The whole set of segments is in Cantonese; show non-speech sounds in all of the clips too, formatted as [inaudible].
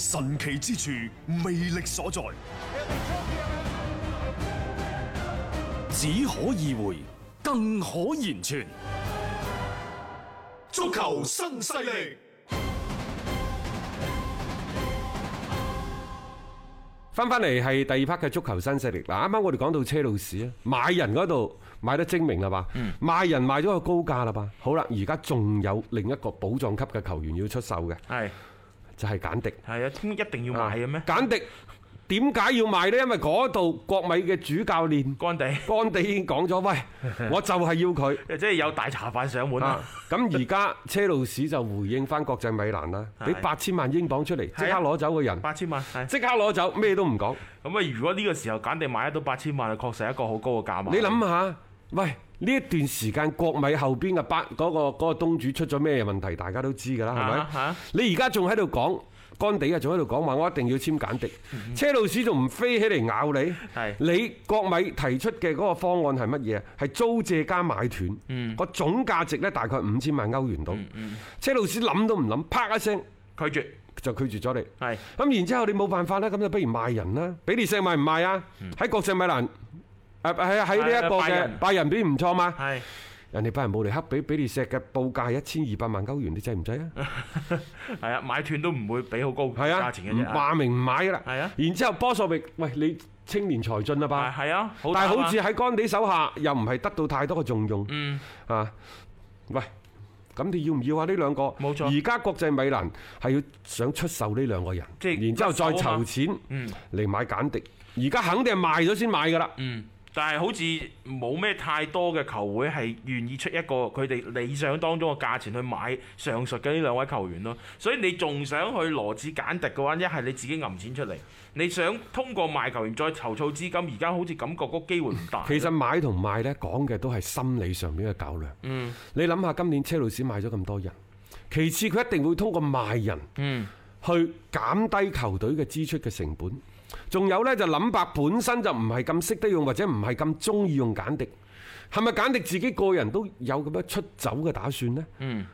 神奇之處，魅力所在，只可意會，更可言傳。足球新勢力，翻翻嚟係第二 part 嘅足球新勢力。嗱，啱啱我哋講到車路士啊，買人嗰度買得精明啦嘛，嗯、賣人賣咗個高價啦嘛。好啦，而家仲有另一個寶藏級嘅球員要出售嘅。係。就係簡迪，係啊，一定要買嘅咩？簡迪點解要買呢？因為嗰度國米嘅主教練，干地，干地已經講咗，喂，我就係要佢，即係有大茶飯上門啦。咁而家車路士就回應翻國際米蘭啦，俾八千萬英鎊出嚟，即刻攞走個人，八千萬，即刻攞走，咩都唔講。咁啊，如果呢個時候簡迪買得到八千萬，確實係一個好高嘅價碼。你諗下，喂。呢一段時間國米後邊嘅巴嗰個嗰、嗰個東主出咗咩問題，大家都知㗎啦，係咪、啊啊？你而家仲喺度講干地啊，仲喺度講話我一定要簽簡迪、嗯嗯，車路士仲唔飛起嚟咬你？你國米提出嘅嗰個方案係乜嘢啊？係租借加買斷，個、嗯、總價值咧大概五千萬歐元到、嗯嗯。車路士諗都唔諗，啪一聲拒絕就拒絕咗你。係咁然之後你冇辦法啦，咁就不如賣人啦，比利士賣唔賣啊？喺國際米蘭。誒，係啊，喺呢一個嘅拜仁邊唔錯嘛？係，人哋拜仁慕尼黑比比利石嘅報價係一千二百萬歐元，你制唔制啊？係 [laughs] 啊，買斷都唔會俾好高嘅價錢，話明唔買噶啦。係啊，然之後波索域，喂，你青年才俊啦吧？係啊，但係好似喺干地手下又唔係得到太多嘅重用。嗯，啊，喂，咁你要唔要啊？呢兩個？冇錯。而家國際米蘭係要想出售呢兩個人，即然之後再籌錢嚟、嗯、買簡迪。而家肯定係賣咗先買噶啦。嗯。但係好似冇咩太多嘅球會係願意出一個佢哋理想當中嘅價錢去買上述嘅呢兩位球員咯，所以你仲想去羅致揀剔嘅話，一係你自己揞錢出嚟，你想通過賣球員再籌措資金，而家好似感覺嗰機會唔大。其實買同賣呢講嘅都係心理上面嘅較量。嗯，你諗下今年車路士買咗咁多人，其次佢一定會通過賣人，嗯，去減低球隊嘅支出嘅成本。仲有呢，就林柏本身就唔係咁識得用，或者唔係咁中意用簡迪，係咪簡迪自己個人都有咁樣出走嘅打算呢？嗯，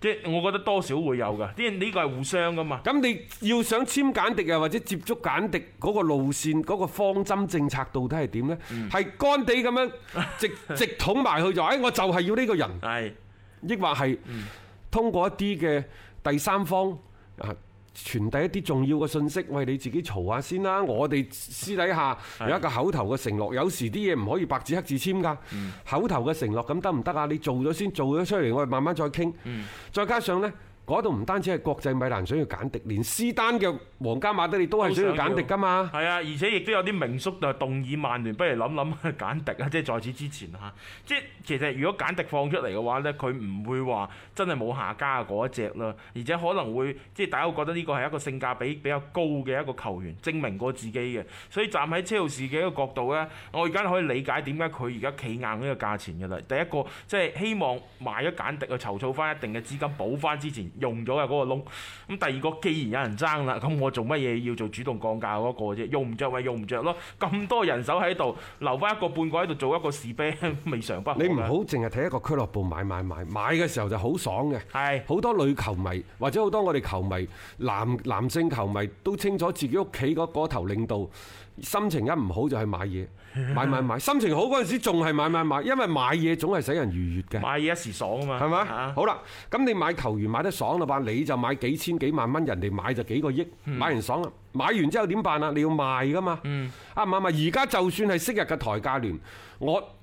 即係我覺得多少會有噶，因為呢個係互相噶嘛。咁你要想簽簡迪啊，或者接觸簡迪嗰個路線，嗰個方針政策到底係點呢？係乾地咁樣直直捅埋去就，哎，我就係要呢個人，係，亦或係通過一啲嘅第三方啊？傳遞一啲重要嘅信息，喂，你自己嘈下先啦。我哋私底下有一個口頭嘅承諾，有時啲嘢唔可以白紙黑字簽噶，口頭嘅承諾咁得唔得啊？你做咗先，做咗出嚟，我哋慢慢再傾。再加上呢。嗰度唔單止係國際米蘭想要簡迪，連施丹嘅皇家馬德里都係想要簡迪㗎嘛。係啊，而且亦都有啲名宿就係動議曼聯，不如諗諗簡迪啊！即係在此之前啊，即係其實如果簡迪放出嚟嘅話呢，佢唔會話真係冇下家嗰一隻啦，而且可能會即係大家覺得呢個係一個性價比比較高嘅一個球員，證明過自己嘅。所以站喺車路士嘅一個角度呢，我而家可以理解點解佢而家企硬呢個價錢嘅啦。第一個即係希望賣咗簡迪去籌措翻一定嘅資金補翻之前。用咗啊嗰個窿，咁第二個既然有人爭啦，咁我做乜嘢要做主動降價嗰個啫？用唔着咪用唔着咯，咁多人手喺度，留翻一個半個喺度做一個士兵，未嘗不可。你唔好淨係睇一個俱樂部買買買，買嘅時候就好爽嘅。係好多女球迷或者好多我哋球迷男男性球迷都清楚自己屋企嗰嗰頭領導。心情一唔好就去、是、買嘢，買買買。心情好嗰陣時仲係買買買，因為買嘢總係使人愉悅嘅。買嘢一時爽啊嘛，係咪？好啦，咁你買球員買得爽啦吧？你就買幾千幾萬蚊，人哋買就幾個億，嗯、買完爽啦。買完之後點辦啊？你要賣噶嘛？啊唔係而家就算係昔日嘅台價聯，我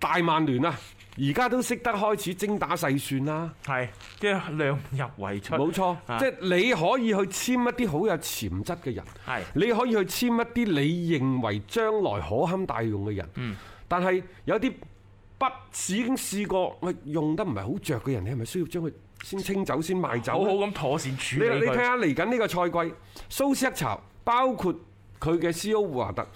大曼聯啊！而家都識得開始精打細算啦，係即係量入為出，冇錯，即係你可以去簽一啲好有潛質嘅人，係你可以去簽一啲你認為將來可堪大用嘅人，是嗯但是，但係有啲不已經試過，我用得唔係好着嘅人，你係咪需要將佢先清走先賣走，好咁妥善處理佢，你睇下嚟緊呢個賽季，蘇斯一巢包括。佢嘅 CEO 胡華特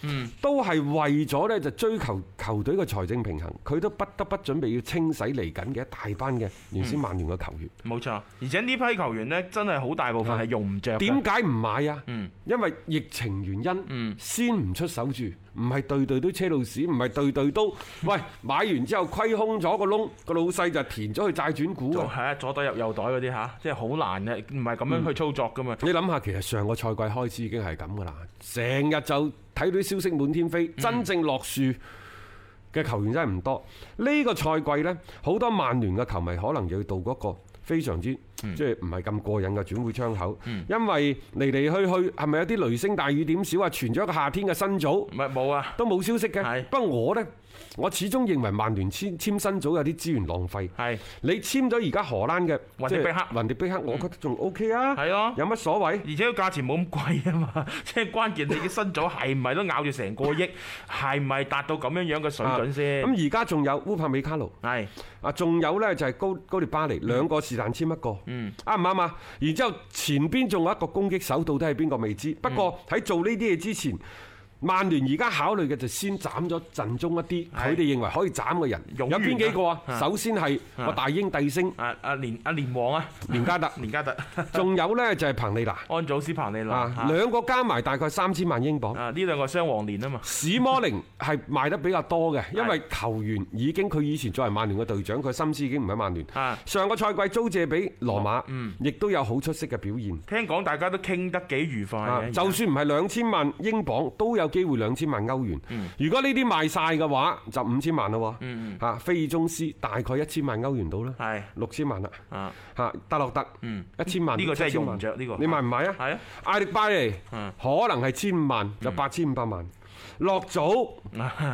都係為咗咧就追求球隊嘅財政平衡，佢都不得不準備要清洗嚟緊嘅一大班嘅原先曼聯嘅球員、嗯。冇錯，而且呢批球員咧真係好大部分係用唔着、嗯。點解唔買啊？嗯、因為疫情原因先唔出手住。唔係對對都車路士，唔係對對都。喂，買完之後虧空咗個窿，個老細就填咗去債轉股。係啊，左袋入右袋嗰啲嚇，即係好難呀，唔係咁樣去操作噶嘛、嗯。你諗下，其實上個賽季開始已經係咁噶啦，成日就睇到消息滿天飛，真正落樹嘅球員真係唔多。呢個賽季呢，好多曼聯嘅球迷可能要到嗰、嗰個。非常之即係唔係咁過癮嘅轉會窗口，因為嚟嚟去去係咪有啲雷聲大雨點小啊？傳咗一個夏天嘅新組，唔係冇啊，都冇消息嘅。不過我呢。我始終認為曼聯簽簽辛祖有啲資源浪費。係，你簽咗而家荷蘭嘅雲迪碧克，雲迪碧克，我覺得仲 O K 啊。係咯，有乜所謂？而且個價錢冇咁貴啊嘛。即係關鍵你嘅辛祖係唔係都咬住成個億，係唔係達到咁樣樣嘅水準先？咁而家仲有烏帕美卡魯，係啊，仲有咧就係高高利巴尼兩個是但簽一個。嗯，啱唔啱啊？然之後前邊仲有一個攻擊手，到底係邊個未知？不過喺做呢啲嘢之前。曼聯而家考慮嘅就先斬咗陣中一啲，佢哋認為可以斬嘅人，有邊幾個啊？首先係我大英帝星，阿阿連阿連王啊，連加特，連加特。仲有咧就係彭利拿。安祖斯彭利拿，兩個加埋大概三千萬英鎊。啊，呢兩個雙黃年啊嘛。史摩寧係賣得比較多嘅，因為球員已經佢以前作為曼聯嘅隊長，佢心思已經唔喺曼聯。上個賽季租借俾羅馬，嗯，亦都有好出色嘅表現。嗯，聽講大家都傾得幾愉快就算唔係兩千萬英鎊都有。機會兩千萬歐元，嗯，如果呢啲賣晒嘅話，就五千萬啦。吓，菲爾宗斯大概一千萬歐元到啦，係六千萬啦。吓，德洛特一千萬，呢個真係用着呢個，你買唔買啊？係啊，艾力巴利可能係千五萬，就八千五百萬。落早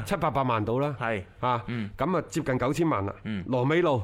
七八百萬到啦，係啊，咁、嗯、啊接近九千萬啦。嗯、羅美路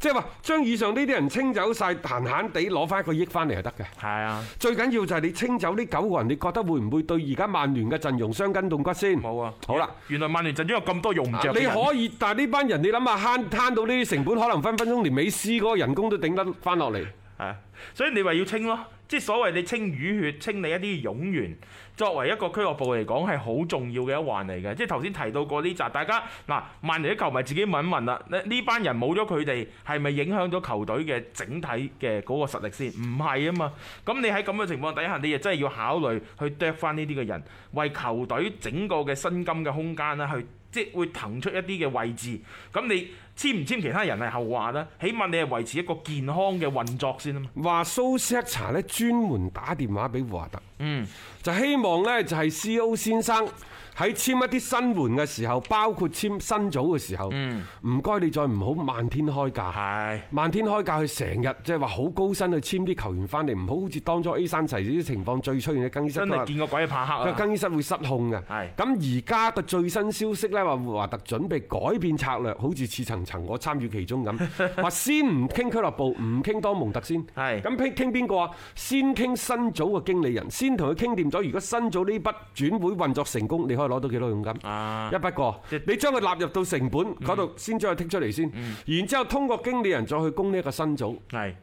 即係話將以上呢啲人清走晒，閒閒地攞翻一個億翻嚟就得嘅。係啊，最緊要就係你清走呢九個人，你覺得會唔會對而家曼聯嘅陣容傷筋動骨先？好啊。好啦，原來曼聯陣中有咁多用唔著嘅人。你可以，但係呢班人你諗下慳慳到呢啲成本，可能分分鐘連美斯嗰個人工都頂得翻落嚟。係、啊。所以你話要清咯，即係所謂你清淤血、清理一啲冗員，作為一個俱樂部嚟講係好重要嘅一環嚟嘅。即係頭先提到過呢集，大家嗱，曼聯啲球迷自己問一問啦，呢班人冇咗佢哋係咪影響咗球隊嘅整體嘅嗰個實力先？唔係啊嘛。咁你喺咁嘅情況底下，你又真係要考慮去 drop 翻呢啲嘅人，為球隊整個嘅薪金嘅空間啦，去即係會騰出一啲嘅位置。咁你簽唔簽其他人係後話啦，起碼你係維持一個健康嘅運作先啊嘛。話蘇斯克查咧，專門打電話俾胡華特。嗯。就希望呢，就係 C.O. 先生喺簽一啲新援嘅時候，包括簽新組嘅時候，唔該你再唔好漫天開價。係漫天開價，佢成日即係話好高薪去簽啲球員翻嚟，唔好好似當初 A 三齊啲情況最出現嘅更衣室。真係見個鬼怕黑啊！更衣室會失控嘅。咁而家個最新消息呢，話，華特準備改變策略，好似似層層我參與其中咁，話先唔傾俱樂部，唔傾多蒙特先。係咁傾傾邊個啊？先傾新組嘅經理人，先同佢傾掂。如果新組呢筆轉會運作成功，你可以攞到幾多佣金？啊、一筆過，你將佢納入到成本嗰度，嗯、先將佢剔出嚟先，然之後通過經理人再去供呢一個新組、嗯。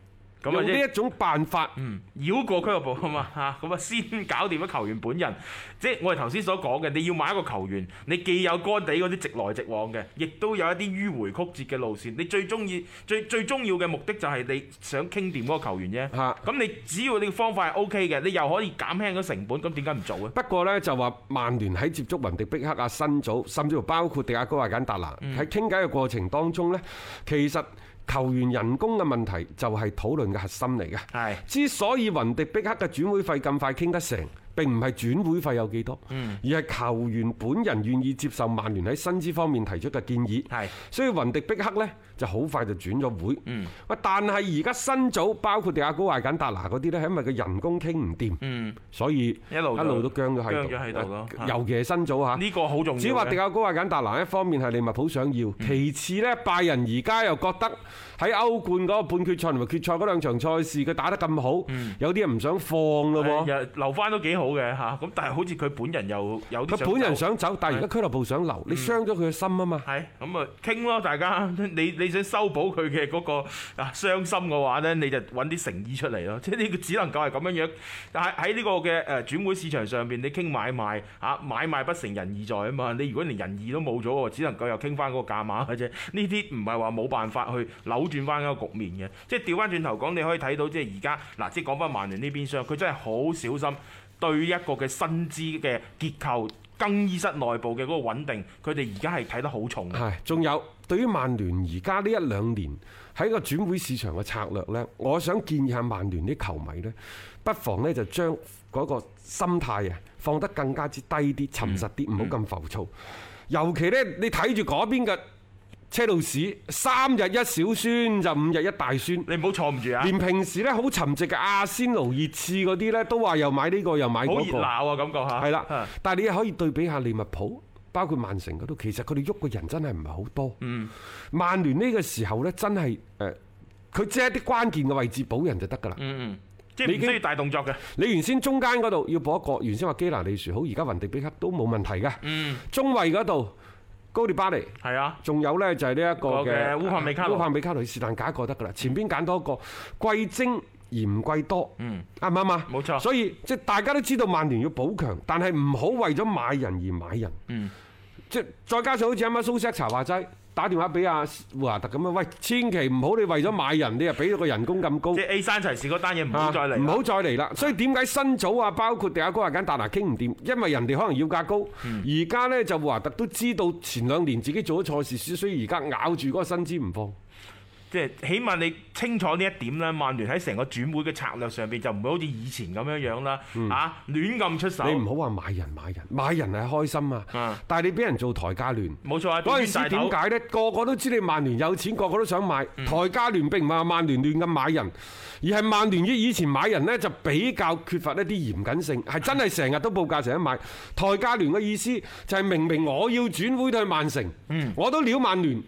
用呢一種辦法，嗯，繞過俱樂部啊嘛嚇，咁啊先搞掂咗球員本人。即係我哋頭先所講嘅，你要買一個球員，你既有幹地嗰啲直來直往嘅，亦都有一啲迂迴曲折嘅路線。你最中意、最最重要嘅目的就係你想傾掂嗰個球員啫。嚇！咁你只要你嘅方法係 O K 嘅，你又可以減輕個成本。咁點解唔做呢？不過呢，就話，曼聯喺接觸雲迪碧克啊、新組，甚至乎包括迪亞哥亞簡達蘭喺傾偈嘅過程當中呢，其實。球員人工嘅問題就係討論嘅核心嚟嘅。係，之所以雲迪碧克嘅轉會費咁快傾得成。並唔係轉會費有幾多，嗯、而係球員本人願意接受曼聯喺薪資方面提出嘅建議。係，所以雲迪碧克呢就好快就轉咗會。喂、嗯，但係而家新組包括迪亞高艾簡達拿嗰啲呢，係因為個人工傾唔掂，嗯、所以一路一路都僵咗喺度。尤其係新組嚇呢個好重要。只話迪亞高艾簡達拿一方面係利物浦想要，嗯、其次呢，拜仁而家又覺得。喺歐冠嗰個半決賽同埋決賽嗰兩場賽事，佢打得咁好，有啲人唔想放咯喎，留翻都幾好嘅嚇。咁但係好似佢本人又有啲，佢本人想走，但係而家俱樂部想留，你傷咗佢嘅心啊嘛。係，咁啊傾咯，大家你你想修補佢嘅嗰個啊傷心嘅話咧，你就揾啲誠意出嚟咯。即係呢個只能夠係咁樣樣。但係喺呢個嘅誒轉會市場上邊，你傾買賣嚇，買賣不成仁義在啊嘛。你如果連仁義都冇咗喎，只能夠又傾翻嗰個價碼嘅啫。呢啲唔係話冇辦法去扭。轉翻一個局面嘅，即係調翻轉頭講，你可以睇到即係而家嗱，即係講翻曼聯呢邊商，佢真係好小心對於一個嘅薪資嘅結構、更衣室內部嘅嗰個穩定，佢哋而家係睇得好重。係，仲有對於曼聯而家呢一兩年喺個轉會市場嘅策略呢，我想建議下曼聯啲球迷呢，不妨呢就將嗰個心態啊放得更加之低啲、沉實啲，唔好咁浮躁。嗯嗯、尤其呢，你睇住嗰邊嘅。車路士三日一小酸，就五日一大酸。你唔好坐唔住啊！連平時咧好沉寂嘅阿仙奴熱刺嗰啲咧，都話又買呢個又買嗰個。好熱鬧啊！感覺吓。係啦，嗯、但係你可以對比下利物浦，包括曼城嗰度，其實佢哋喐嘅人真係唔係好多。嗯，曼聯呢個時候咧，真係誒，佢借啲關鍵嘅位置補人就得噶啦。嗯嗯，即係唔需要大動作嘅。你原先中間嗰度要補一個，原先話基拿利樹好，而家雲迪比克都冇問題嘅。嗯，中衛嗰度。高迪巴尼係，OK，啊，仲有咧就係呢一個嘅烏帕米卡雷，烏帕米卡雷是但解一個得噶啦。前邊揀多一個貴精而唔貴多，嗯啱唔啱啊？冇錯。所以即係大家都知道曼聯要補強，但係唔好為咗買人而買人，嗯，即，即係再加上好似啱啱蘇錫茶話齋。打電話俾阿華特咁，喂，千祈唔好你為咗買人， [laughs] 你又俾咗個人工咁高。即 A 三齊士事嗰單嘢唔好再嚟，唔好再嚟啦。所以點解新組啊，包括第二哥啊，簡達拿傾唔掂？因為人哋可能要價高。而家呢，就華特都知道前兩年自己做咗錯事，所以而家咬住嗰個薪資唔放。即係，起碼你清楚呢一點啦。曼聯喺成個轉會嘅策略上邊就唔會好似以前咁樣樣啦。啊、嗯，亂咁出手。你唔好話買人買人，買人係開心啊、嗯。但係你俾人做抬價聯，冇錯。嗰陣時點解呢？個個都知你曼聯有錢，個個都想買。抬價聯並唔係話曼聯亂咁買人，嗯、而係曼聯於以前買人呢就比較缺乏一啲嚴謹性，係真係成日都報價，成日買。抬價聯嘅意思就係明明我要轉會去曼城、嗯，我都料曼聯。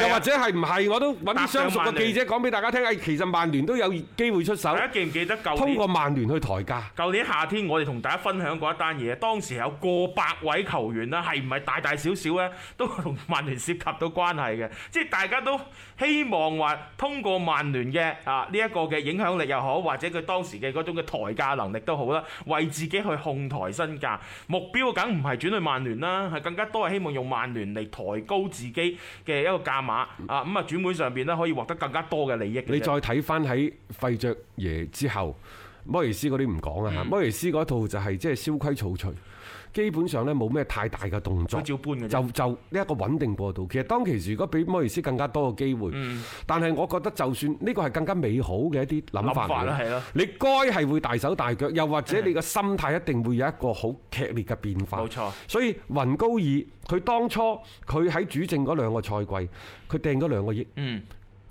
又或者係唔係我都揾啲相熟嘅記者講俾大家聽，誒其實曼聯都有機會出手。大家記唔記得舊年，通過曼聯去抬價。舊年夏天我哋同大家分享過一單嘢，當時有過百位球員啦，係唔係大大小小咧，都同曼聯涉及到關係嘅，即係大家都希望話通過曼聯嘅啊呢一個嘅影響力又好，或者佢當時嘅嗰種嘅抬價能力都好啦，為自己去控抬身價，目標梗唔係轉去曼聯啦，係更加多係希望用曼聯嚟抬高自己嘅一個價。啊咁啊轉會上邊咧，可以獲得更加多嘅利益嘅。你再睇翻喺費爵爺之後，摩爾斯嗰啲唔講啊吓，摩爾斯嗰套就係即係蕭規曹隨。基本上呢冇咩太大嘅動作，照就就呢一個穩定過渡。其實當其時如果比摩爾斯更加多嘅機會、嗯，但係我覺得就算呢個係更加美好嘅一啲諗法，想法你該係會大手大腳，又或者你嘅心態一定會有一個好劇烈嘅變化。冇錯，所以雲高爾佢當初佢喺主政嗰兩個賽季，佢掟咗兩個億、嗯。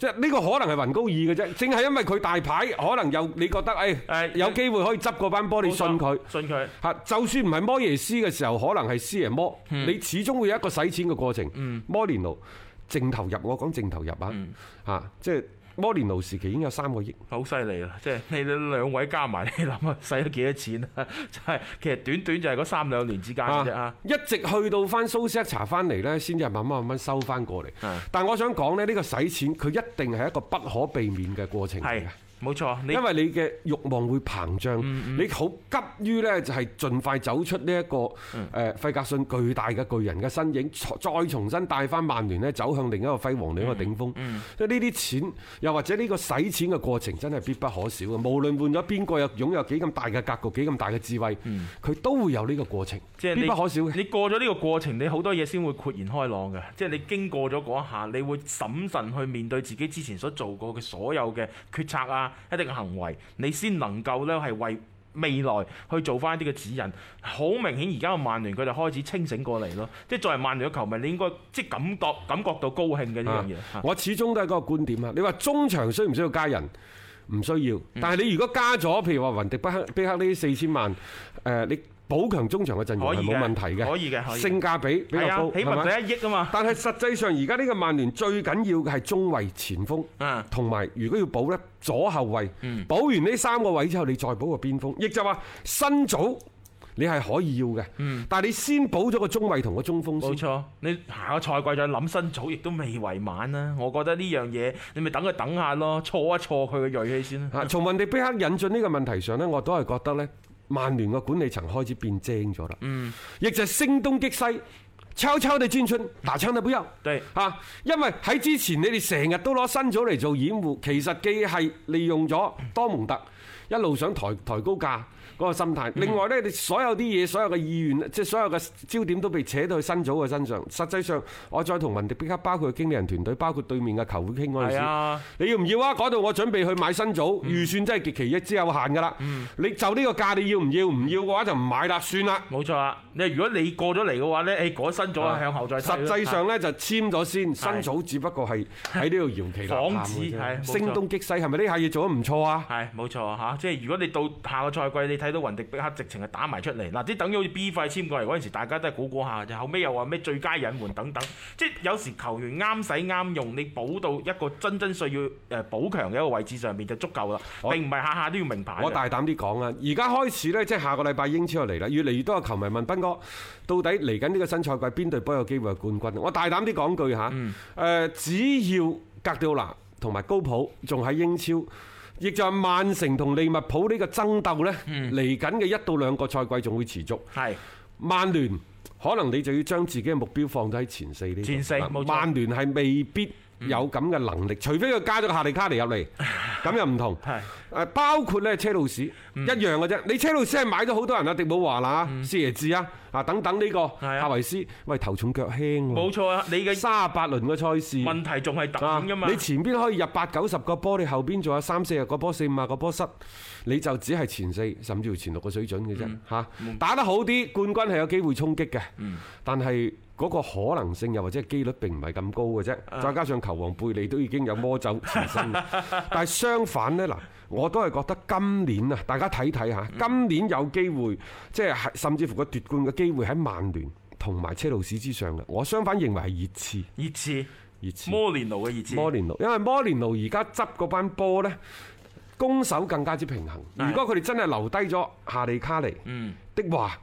即係呢個可能係雲高爾嘅啫，淨係因為佢大牌，可能又你覺得誒、哎、有機會可以執嗰班波，你信佢？信佢嚇，就算唔係摩耶斯嘅時候，可能係師爺摩，你始終會有一個使錢嘅過程。嗯、摩連奴淨投入，我講淨投入啊嚇、嗯，即係。摩連奴時期已經有三個億，好犀利啦！即係你兩位加埋，你諗下使咗幾多錢啊？就係其實短短就係嗰三兩年之間啊，一直去到翻蘇斯查翻嚟咧，先至慢慢慢慢收翻過嚟。但係我想講咧，呢、呢個使錢佢一定係一個不可避免嘅過程。冇錯，因為你嘅欲望會膨脹，嗯嗯、你好急於呢，就係盡快走出呢一個誒費格遜巨大嘅巨人嘅身影、嗯，再重新帶翻曼聯咧走向另一個輝煌嘅、嗯、一個頂峰。因呢啲錢，又或者呢個使錢嘅過程真係必不可少嘅。無論換咗邊個有擁有幾咁大嘅格局，幾咁大嘅智慧，佢、嗯、都會有呢個過程，即、就是、必不可少嘅。你過咗呢個過程，你好多嘢先會豁然開朗嘅。即、就、係、是、你經過咗嗰一下，你會審慎去面對自己之前所做過嘅所有嘅決策啊。一定嘅行為，你先能夠呢係為未來去做翻一啲嘅指引。好明顯，而家嘅曼聯佢哋開始清醒過嚟咯。即係作為曼聯嘅球迷，你應該即係感覺感覺到高興嘅呢樣嘢。我始終都係嗰個觀點啊！你話中場需唔需要加人？唔需要。但係你如果加咗，譬如話雲迪比克、比克呢啲四千萬，誒、呃、你。補強中場嘅陣容係冇問題嘅，可以嘅，可以嘅。性價比比較高，起碼一億啊嘛。但係實際上而家呢個曼聯最緊要嘅係中衛前鋒，嗯，同埋如果要補咧左後衞，嗯，補完呢三個位之後，你再補個邊鋒，亦就話新組你係可以要嘅，嗯，但係你先補咗個中衛同個中鋒先，冇錯。你下個賽季再諗新組，亦都未為晚啦。我覺得呢樣嘢你咪等佢等下咯，挫一挫佢嘅鋭氣先啦。從雲地比克引進呢個問題上咧，我都係覺得咧。曼聯嘅管理層開始變精咗啦，嗯，亦就係聲東擊西，悄悄地轉出，拿槍都不休，嚇！因為喺之前你哋成日都攞新組嚟做掩護，其實既係利用咗多蒙特一路想抬抬高價。嗰、嗰個心態。另外咧，你所有啲嘢，所有嘅意願，即係所有嘅焦點，都被扯到去新組嘅身上。實際上，我再同雲迪碧卡，包括經理人團隊，包括對面嘅球會傾嗰陣時，啊、你要唔要啊？嗰度我準備去買新組，預算真係極其一之有限㗎啦。嗯、你就呢個價，你要唔要？唔要嘅話就唔買啦，算啦。冇錯啦、啊。你如果你過咗嚟嘅話咧，誒改新組向後再、啊。實際上咧、啊、就簽咗先、啊，新組只不過係喺呢度期內。仿製係聲東擊西係咪呢下嘢做得唔錯啊？係冇、啊、錯嚇、啊，即係如果你到下個賽季你睇。都雲迪比克直情係打埋出嚟嗱，即等於好似 B 費簽過嚟嗰陣時，大家都係估估下就，後尾又話咩最佳隱瞞等等，即係有時球員啱使啱用，你補到一個真真需要誒補強嘅一個位置上面就足夠啦，並唔係下下都要名牌。我大膽啲講啦，而家開始咧，即係下個禮拜英超就嚟啦，越嚟越多嘅球迷問斌哥，到底嚟緊呢個新賽季邊隊波有機會係冠軍？我大膽啲講句嚇，誒、嗯、只要哥迪奧拿同埋高普仲喺英超。亦就係曼城同利物浦呢個爭鬥呢，嚟緊嘅一到兩個賽季仲會持續。係，曼聯可能你就要將自己嘅目標放低喺前四呢？前四，曼聯係未必有咁嘅能力，除非佢加咗個夏利卡嚟入嚟，咁又唔同。係，誒包括咧車路士、嗯、一樣嘅啫。你車路士係買咗好多人啊，迪冇華啦，四、嗯、爺志啊，啊等等呢個。係啊。夏維斯，喂頭重腳輕，冇錯啊，你嘅三十八輪嘅賽事。問題仲係揼嘅嘛？你前邊可以入八九十個波，你後邊仲有三四十個波，四五十個波失，你就只係前四甚至乎前六個水準嘅啫。嗯、打得好啲，冠軍係有機會衝擊嘅。嗯、但係。嗰個可能性又或者機率並唔係咁高嘅啫，再加上球王貝利都已經有魔咒前身，但係相反呢，嗱，我都係覺得今年啊，大家睇睇吓，今年有機會，即係甚至乎個奪冠嘅機會喺曼聯同埋車路士之上嘅。我相反認為係熱刺，熱刺，熱刺，熱刺，摩連奴嘅熱刺，摩連奴，因為摩連奴而家執嗰班波呢，攻守更加之平衡。如果佢哋真係留低咗夏利卡尼，嗯的話。嗯的話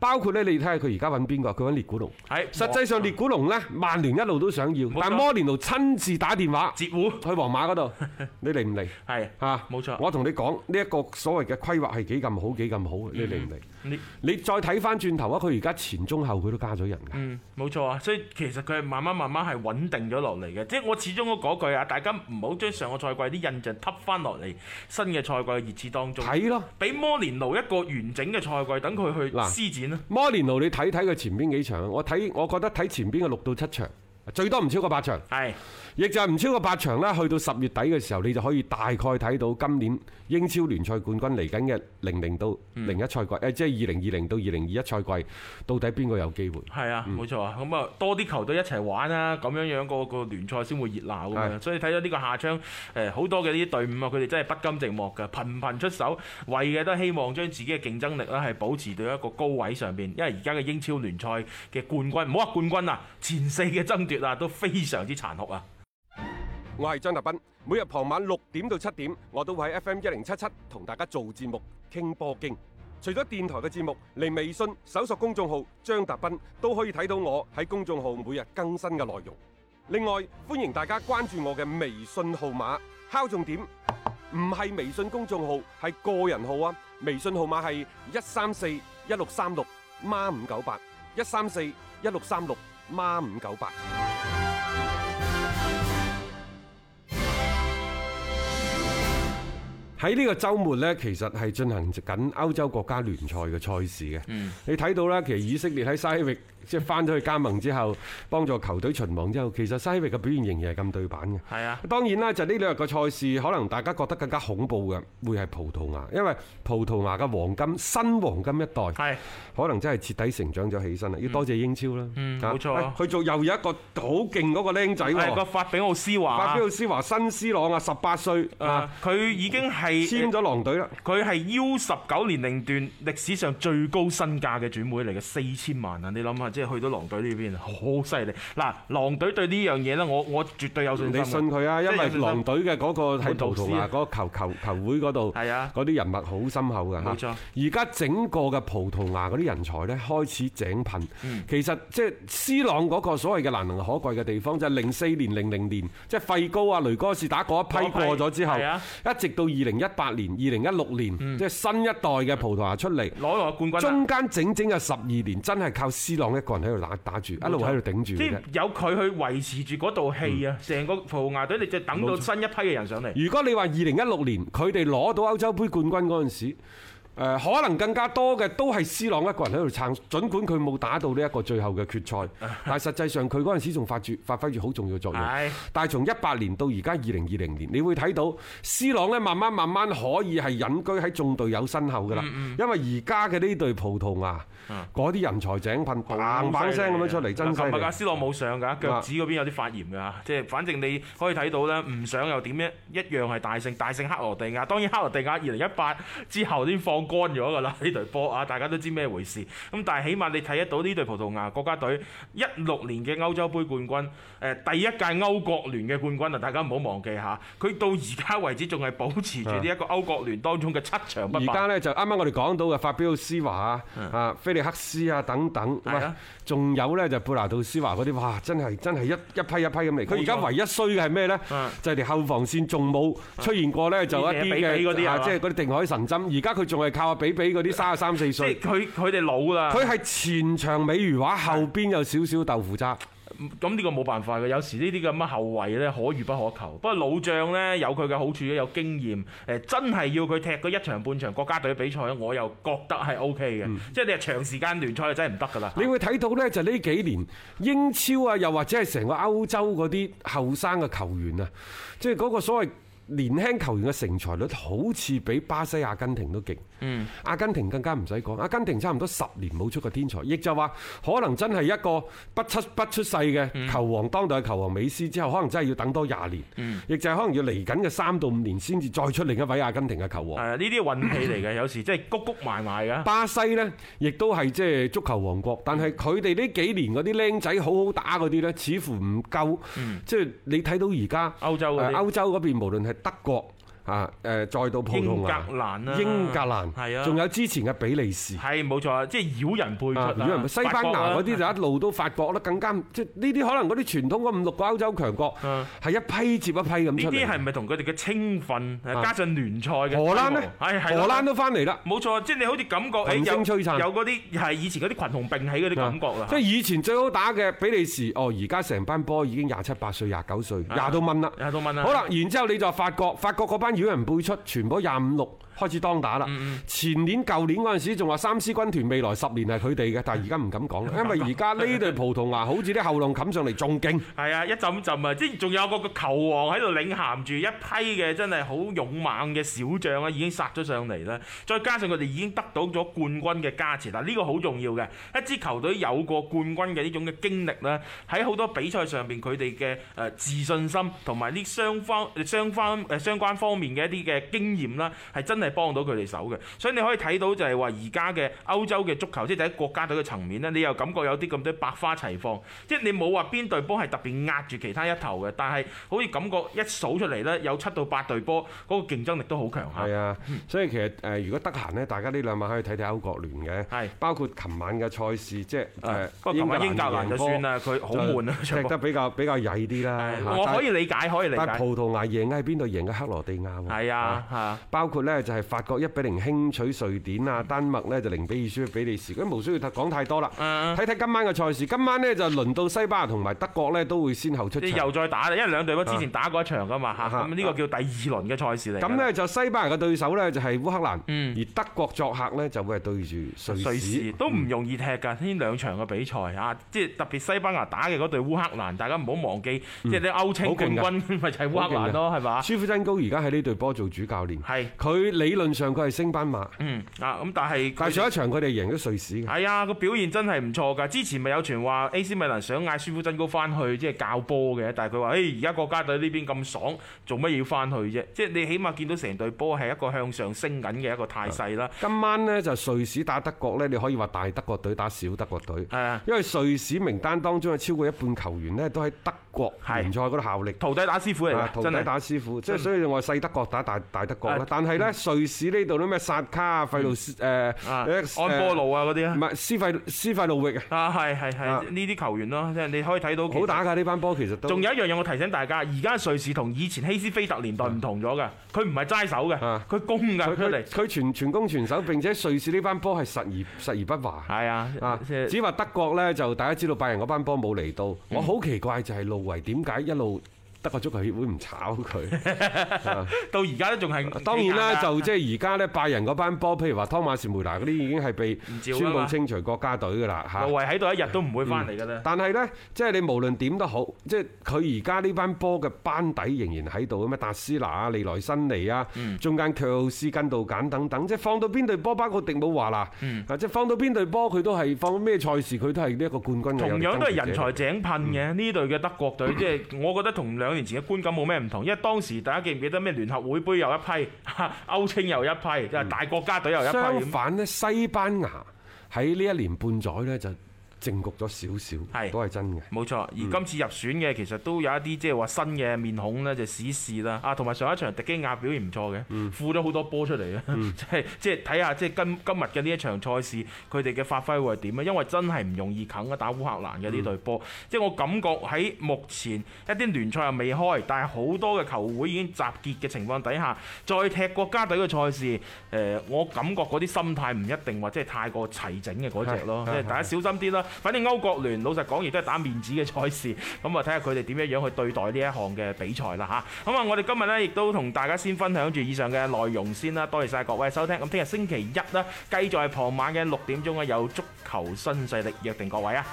包括咧，你睇下佢而家揾邊個？佢揾列古龍。係，實際上列古龍呢，曼聯一路都想要，但摩連奴親自打電話截胡去皇馬嗰度。你嚟唔嚟？係， [laughs] 嚇、啊，冇錯我跟，我同你講呢一個所謂嘅規劃係幾咁好，幾咁好，你嚟唔嚟？嗯嗯。你你再睇翻轉頭啊！佢而家前中後佢都加咗人嘅。嗯，冇錯啊！所以其實佢係慢慢慢慢係穩定咗落嚟嘅。即係我始終嗰句啊，大家唔好將上個賽季啲印象吸翻落嚟新嘅賽季嘅熱刺當中。係咯，俾摩連奴一個完整嘅賽季，等佢去施展咯。摩連奴，你睇睇佢前邊幾場，我睇我覺得睇前邊嘅六到七場，最多唔超過八場。係。亦就唔超過八場啦，去到十月底嘅時候，你就可以大概睇到今年英超聯賽冠軍嚟緊嘅零零到零一賽季，誒、嗯、即係二零二零到二零二一賽季，到底邊個有機會？係、嗯、啊，冇錯啊，咁啊多啲球隊一齊玩啊，咁樣樣個個聯賽先會熱鬧咁，所以睇咗呢個下場，誒好多嘅呢啲隊伍啊，佢哋真係不甘寂寞嘅，頻頻出手，為嘅都希望將自己嘅競爭力啦係保持到一個高位上邊。因為而家嘅英超聯賽嘅冠軍唔好話冠軍啊，前四嘅爭奪啊都非常之殘酷啊！我係張達斌，每日傍晚六點到七點，我都會喺 FM 一零七七同大家做節目傾波經。除咗電台嘅節目，嚟，微信搜索公眾號張達斌都可以睇到我喺公眾號每日更新嘅內容。另外，歡迎大家關注我嘅微信號碼，敲重點，唔係微信公眾號，係個人號啊！微信號碼係一三四一六三六孖五九八，一三四一六三六孖五九八。喺呢個週末呢，其實係進行緊歐洲國家聯賽嘅賽事嘅，嗯。你睇到啦，其實以色列喺西域。即係翻咗去加盟之後，幫助球隊巡網之後，其實西域嘅表現仍然係咁對版嘅。係啊，當然啦，就呢、是、兩日個賽事，可能大家覺得更加恐怖嘅，會係葡萄牙，因為葡萄牙嘅黃金新黃金一代，是啊、可能真係徹底成長咗起身啦。要多謝英超啦，冇、嗯啊嗯、錯、啊哎，佢做又有一個好勁嗰個僆仔喎。係、啊那個法比奧斯華，法比奧斯華新斯朗啊，十八歲，佢已經係簽咗狼隊啦。佢係 U 十九年齡段歷史上最高身價嘅轉會嚟嘅四千萬啊！你諗下。即係去到狼隊呢邊，好犀利！嗱，狼隊對呢樣嘢呢，我我絕對有信心。你信佢啊，因為狼隊嘅嗰、嗰個喺、就是、葡萄牙嗰、嗰個球球球會嗰度，嗰啲人物好深厚㗎吓。冇錯，而家整個嘅葡萄牙嗰啲人才呢，開始井噴、嗯。其實即係 C 朗嗰個所謂嘅難能可貴嘅地方，就係零四年、零零年，即係費高啊、雷哥士打嗰一批過咗之後一，一直到二零一八年、二零一六年，即、嗯、係、就是、新一代嘅葡萄牙出嚟，攞、嗯、到冠軍、啊。中間整整嘅十二年，真係靠 C 朗一個人喺度打打住，一路喺度頂住，即係有佢去維持住嗰道氣啊！成個葡萄牙隊，你就等到新一批嘅人上嚟。如果你話二零一六年佢哋攞到歐洲杯冠軍嗰陣時，誒，可能更加多嘅都係 C 朗一個人喺度撐，盡管佢冇打到呢一個最後嘅決賽，但係實際上佢嗰陣時仲發住發揮住好重要作用。係，但係從一八年到而家二零二零年，你會睇到 C 朗咧，慢慢慢慢可以係隱居喺眾隊友身後噶啦。嗯嗯，因為而家嘅呢隊葡萄牙。嗰啲人才井噴噹噹噹噹，砰砰聲咁樣出嚟，真係。琴日阿斯洛冇上㗎，腳趾嗰邊有啲發炎㗎，即係反正你可以睇到咧，唔上又點樣一樣係大勝大勝克羅地亞。當然克羅地亞二零一八之後先放乾咗㗎啦，呢隊波啊，大家都知咩回事。咁但係起碼你睇得到呢隊葡萄牙國家隊一六年嘅歐洲杯冠軍，誒第一屆歐國聯嘅冠軍啊，大家唔好忘記嚇。佢到而家為止仲係保持住呢一個歐國聯當中嘅七場不敗。而家咧就啱啱我哋講到嘅法比奧斯華啊，啊黑斯啊，等等，仲有呢就貝拿杜斯華嗰啲，哇，真係真係一一批一批咁嚟。佢而家唯一衰嘅係咩呢？就係後防線仲冇出現過呢，就一啲嘅，即係嗰啲定海神針。而家佢仲係靠阿比比嗰啲三十三四歲即係。佢佢哋老啦。佢係前場美如畫，後邊有少少豆腐渣。咁呢個冇辦法嘅，有時呢啲咁嘅後衞呢，可遇不可求。不過老將呢，有佢嘅好處，有經驗。誒，真係要佢踢嗰一場半場國家隊比賽咧，我又覺得係 OK 嘅。嗯、即係你係長時間聯賽就真係唔得㗎啦。你會睇到呢，就呢幾年英超啊，又或者係成個歐洲嗰啲後生嘅球員啊，即係嗰個所謂。年輕球員嘅成才率好似比巴西、阿根廷都勁。嗯，阿根廷更加唔使講，阿根廷差唔多十年冇出過天才，亦就話可能真係一個不出不出世嘅球王，嗯、當代嘅球王美斯之後，可能真係要等多廿年。亦、嗯、就係可能要嚟緊嘅三到五年先至再出另一位阿根廷嘅球王。呢啲運氣嚟嘅， [coughs] 有時即係谷谷埋埋㗎。巴西呢，亦都係即係足球王國，但係佢哋呢幾年嗰啲靚仔好好打嗰啲呢，似乎唔夠。即、嗯、係你睇到而家歐洲嗰啲，歐洲嗰邊無論係。德國。啊誒，再到葡萄牙、英格蘭，係啊，仲、啊、有之前嘅比利時，係冇錯即係妖人輩出，妖人西班牙嗰啲就一路都法國啦，國啊啊更加即係呢啲可能嗰啲傳統嗰五六個歐洲強國，係、啊、一批接一批咁呢啲係唔係同佢哋嘅青訓加上聯賽？荷蘭呢？啊、荷蘭都翻嚟啦，冇錯，即係你好似感覺誒、哎、有有嗰啲係以前嗰啲群雄並起嗰啲感覺是啊！啊啊、即係以前最好打嘅比利時，哦而家成班波已經廿七八歲、廿九歲、廿到蚊啦，廿到蚊啦。好啦、啊，啊、然之後你就法國，法國嗰班。有人輩出，全部廿五六開始當打啦。前年、舊、嗯、年嗰陣時仲話三獅軍團未來十年係佢哋嘅，但係而家唔敢講，因為而家呢對葡萄牙好似啲喉嚨冚上嚟仲勁係啊，一陣一陣啊，即係仲有個球王喺度領銜住一批嘅真係好勇猛嘅小將啊已經殺咗上嚟啦。再加上佢哋已經得到咗冠軍嘅加持，嗱、這、呢個好重要嘅一支球隊有過冠軍嘅呢種嘅經歷咧，喺好多比賽上邊佢哋嘅誒自信心同埋呢雙方雙方誒相關方面。嘅一啲嘅經驗啦，係真係幫到佢哋手嘅，所以你可以睇到就係話而家嘅歐洲嘅足球，即係喺國家隊嘅層面呢，你又感覺有啲咁多百花齊放，即係你冇話邊隊波係特別壓住其他一頭嘅，但係好似感覺一數出嚟呢，有七到八隊波嗰個競爭力都好強嚇。係啊，所以其實誒，如果得閒呢，大家呢兩晚可以睇睇歐國聯嘅，包括琴晚嘅賽事，即係英國英格蘭，英格蘭就算啦，佢好悶啊，踢得比較比較曳啲啦。我可以理解，可以理解。但葡萄牙贏喺邊度贏嘅克羅地亞？係啊，啊，包括呢，就係法國一比零輕取瑞典啊，丹麥呢就零比二輸比利時，咁無需要講太多啦。睇睇、啊、今晚嘅賽事，今晚呢就輪到西班牙同埋德國呢都會先後出場。你又再打啦，因為兩隊咧之前打過一場噶嘛，呢個叫第二輪嘅賽事嚟。咁呢、啊，啊、就西班牙嘅對手呢就係烏克蘭、嗯，而德國作客呢就會係對住瑞士。瑞士、嗯、都唔容易踢㗎，呢兩場嘅比賽嚇，即係特別西班牙打嘅嗰隊烏克蘭，大家唔好忘記，即係啲歐青冠軍咪就係、是、烏克蘭咯，係嘛？舒夫真高而家喺呢？呢隊波做主教練，係佢理論上佢係升班馬，嗯啊咁，但係但上一場佢哋贏咗瑞士嘅，係啊個表現真係唔錯噶。之前咪有傳話 AC 米蘭想嗌舒夫真高翻去，即係教波嘅，但係佢話誒而家國家隊呢邊咁爽，做乜嘢要翻去啫？即係你起碼見到成隊波係一個向上升緊嘅一個態勢啦。今晚咧就瑞士打德國咧，你可以話大德國隊打小德國隊，係因為瑞士名單當中有超過一半球員咧都喺德國聯賽嗰度效力，徒弟打師傅嚟嘅，徒弟打師傅，即係所以話細德。德國打大大德國啦，但係咧瑞士呢度都咩薩卡啊、費路斯誒、安波路啊嗰啲啊，唔係斯費斯費路域啊，係係係呢啲球員咯，即係你可以睇到好打噶呢班波，其實都仲有一樣嘢我提醒大家，而家瑞士同以前希斯菲特年代唔同咗嘅，佢唔係齋守嘅，佢攻噶佢嚟，佢全全攻全守，並且瑞士呢班波係實而實而不華，係啊，啊只話德國咧就大家知道拜仁嗰班波冇嚟到，我好奇怪就係路維點解一路。德國足球協會唔炒佢， [laughs] 到而家都仲係當然啦。就即係而家咧，拜仁嗰班波， [laughs] 譬如話湯馬士梅拿嗰啲，已經係被宣布清除國家隊㗎喇吓。留喺度一日都唔會返嚟㗎喇。但係咧，即係你無論點都好，即係佢而家呢班波嘅班底仍然喺度，咁咩達斯拿啊、利萊辛尼啊、嗯、中間喬斯根道簡等等，即係放到邊隊波，包括迪姆華啦，嗯、即係放到邊隊波，佢都係放到咩賽事，佢都係呢一個冠軍嘅。同樣都係人才井噴嘅呢、嗯、隊嘅德國隊，嗯、即係我覺得同兩。兩年前嘅觀感冇咩唔同，因為當時大家記唔記得咩聯合會杯又一批，歐青又一批，即係大國家隊又一批。嗯，相反呢，西班牙喺呢一年半載呢就。正局咗少少，都係真嘅。冇錯，而今次入選嘅其實都有一啲即係話新嘅面孔呢，就是、史士啦，啊同埋上一場迪基亞表現唔錯嘅，扶咗好多波出嚟啦，即係即係睇下即係今今日嘅呢一場賽事佢哋嘅發揮會係點咧？因為真係唔容易啃啊，打烏克蘭嘅呢隊波。即、嗯、係我感覺喺目前一啲聯賽又未開，但係好多嘅球會已經集結嘅情況底下，再踢國家隊嘅賽事，誒我感覺嗰啲心態唔一定話即係太過齊整嘅嗰隻咯，即係大家小心啲啦。反正歐國聯老實講，亦都係打面子嘅賽事，咁啊睇下佢哋點樣樣去對待呢一項嘅比賽啦吓。咁啊，我哋今日呢，亦都同大家先分享住以上嘅內容先啦，多謝晒各位收聽。咁聽日星期一咧，繼續係傍晚嘅六點鐘啊，有足球新勢力約定各位啊。